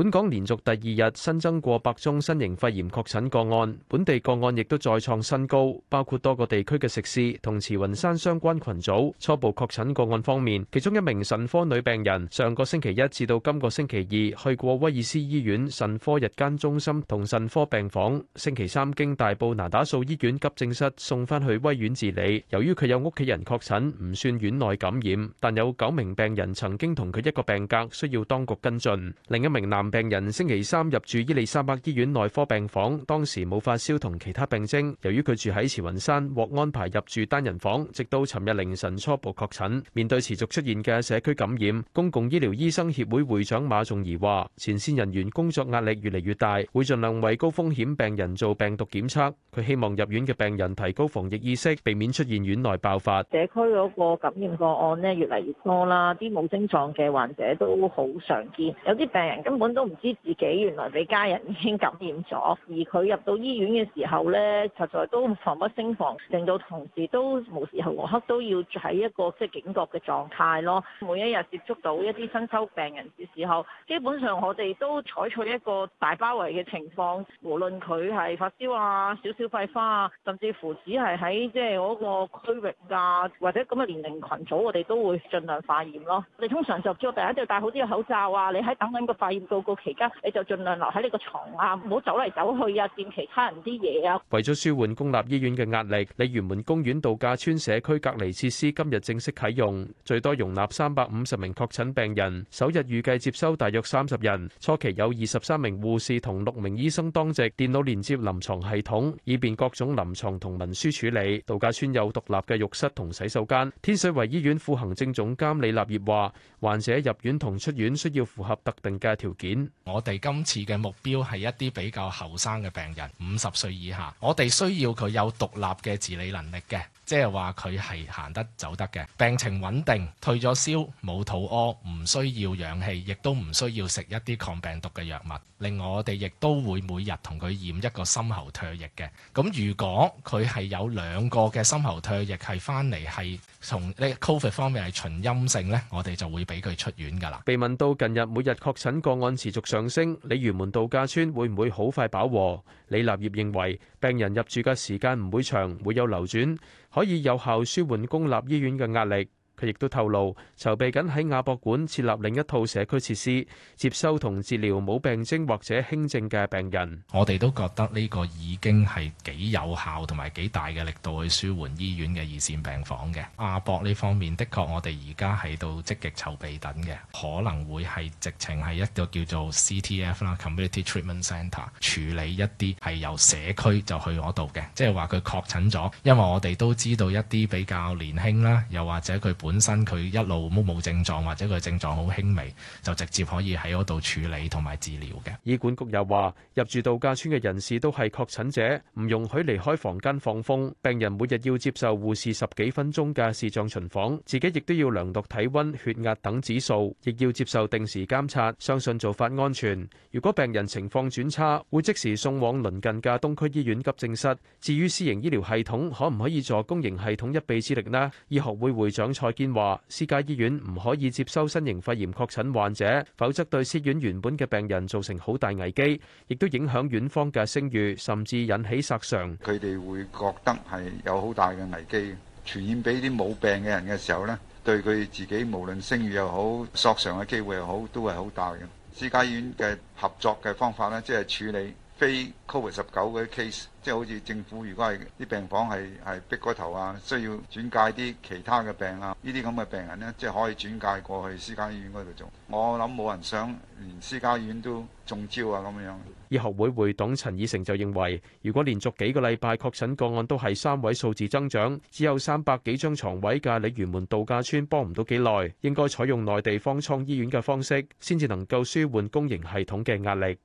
本港連續第二日新增過百宗新型肺炎確診個案，本地個案亦都再創新高，包括多個地區嘅食肆同慈雲山相關群組。初步確診個案方面，其中一名腎科女病人，上個星期一至到今個星期二去過威爾斯醫院腎科日間中心同腎科病房，星期三經大埔那打素醫院急症室送翻去威院治理。由於佢有屋企人確診，唔算院內感染，但有九名病人曾經同佢一個病格，需要當局跟進。另一名男病人星期三入住伊利沙伯醫院內科病房，當時冇發燒同其他病徵。由於佢住喺慈雲山，獲安排入住單人房，直到尋日凌晨初步確診。面對持續出現嘅社區感染，公共醫療醫生協會會長馬仲儀話，前線人員工作壓力越嚟越大，會盡量為高風險病人做病毒檢測。佢希望入院嘅病人提高防疫意識，避免出現院內爆發。社區嗰個感染個案呢越嚟越多啦，啲冇症狀嘅患者都好常見，有啲病人根本都。都唔知自己原來俾家人已經感染咗，而佢入到醫院嘅時候咧，實在都防不勝防，令到同事都無時候無刻都要喺一個即係警覺嘅狀態咯。每一日接觸到一啲新收病人嘅時候，基本上我哋都採取一個大包圍嘅情況，無論佢係發燒啊、少少肺炎啊，甚至乎只係喺即係嗰個區域啊，或者咁嘅年齡群組，我哋都會盡量化驗咯。我哋通常就叫第一就戴好啲嘅口罩啊，你喺等等個化驗到。報告期間，你就儘量留喺你個牀啊，唔好走嚟走去啊，佔其他人啲嘢啊。為咗舒緩公立醫院嘅壓力，鯉魚門公園度假村社區隔離設施今日正式啟用，最多容納三百五十名確診病人。首日預計接收大約三十人。初期有二十三名護士同六名醫生當值，電腦連接臨牀系統，以便各種臨牀同文書處理。度假村有獨立嘅浴室同洗手間。天水圍醫院副行政總監李立業話，患者入院同出院需要符合特定嘅條件。我哋今次嘅目標係一啲比較後生嘅病人，五十歲以下。我哋需要佢有獨立嘅自理能力嘅，即係話佢係行得走得嘅，病情穩定，退咗燒，冇肚屙，唔需要氧氣，亦都唔需要食一啲抗病毒嘅藥物。另外，我哋亦都會每日同佢驗一個深喉唾液嘅。咁如果佢係有兩個嘅深喉唾液係翻嚟係從呢 Covid 方面係呈陰性呢，我哋就會俾佢出院噶啦。被問到近日每日確診個案。持續上升，鯉魚門度假村會唔會好快飽和？李立業認為病人入住嘅時間唔會長，會有流轉，可以有效紓緩公立醫院嘅壓力。佢亦都透露籌備緊喺亞博館設立另一套社區設施，接收同治療冇病徵或者輕症嘅病人。我哋都覺得呢個已經係幾有效同埋幾大嘅力度去舒緩醫院嘅二線病房嘅。亞博呢方面的確，我哋而家喺度積極籌備等嘅，可能會係直情係一個叫做 CTF 啦 （Community Treatment c e n t e r 處理一啲係由社區就去嗰度嘅，即係話佢確診咗。因為我哋都知道一啲比較年輕啦，又或者佢本本身佢一路都冇症狀或者佢症狀好輕微，就直接可以喺嗰度處理同埋治療嘅。醫管局又話入住度假村嘅人士都係確診者，唔容許離開房間放風，病人每日要接受護士十幾分鐘嘅視像巡訪，自己亦都要量度體溫、血壓等指數，亦要接受定時監察，相信做法安全。如果病人情況轉差，會即時送往鄰近嘅東區醫院急症室。至於私營醫療系統可唔可以助公營系統一臂之力呢？醫學會會長蔡話私家醫院唔可以接收新型肺炎確診患者，否則對私院原本嘅病人造成好大危機，亦都影響院方嘅聲譽，甚至引起索償。佢哋會覺得係有好大嘅危機，傳染俾啲冇病嘅人嘅時候呢，對佢自己無論聲譽又好，索償嘅機會又好，都係好大嘅。私家醫院嘅合作嘅方法呢，即係處理。非 COVID 十九嘅 case，即係好似政府如果係啲病房係係逼過頭啊，需要轉介啲其他嘅病啊，呢啲咁嘅病人咧，即係可以轉介過去私家醫院嗰度做。我諗冇人想連私家醫院都中招啊咁樣。醫學會會董陳以誠就認為，如果連續幾個禮拜確診個案都係三位數字增長，只有三百幾張床位嘅鯉魚門度假村幫唔到幾耐，應該採用內地方艙醫院嘅方式，先至能夠舒緩公營系統嘅壓力。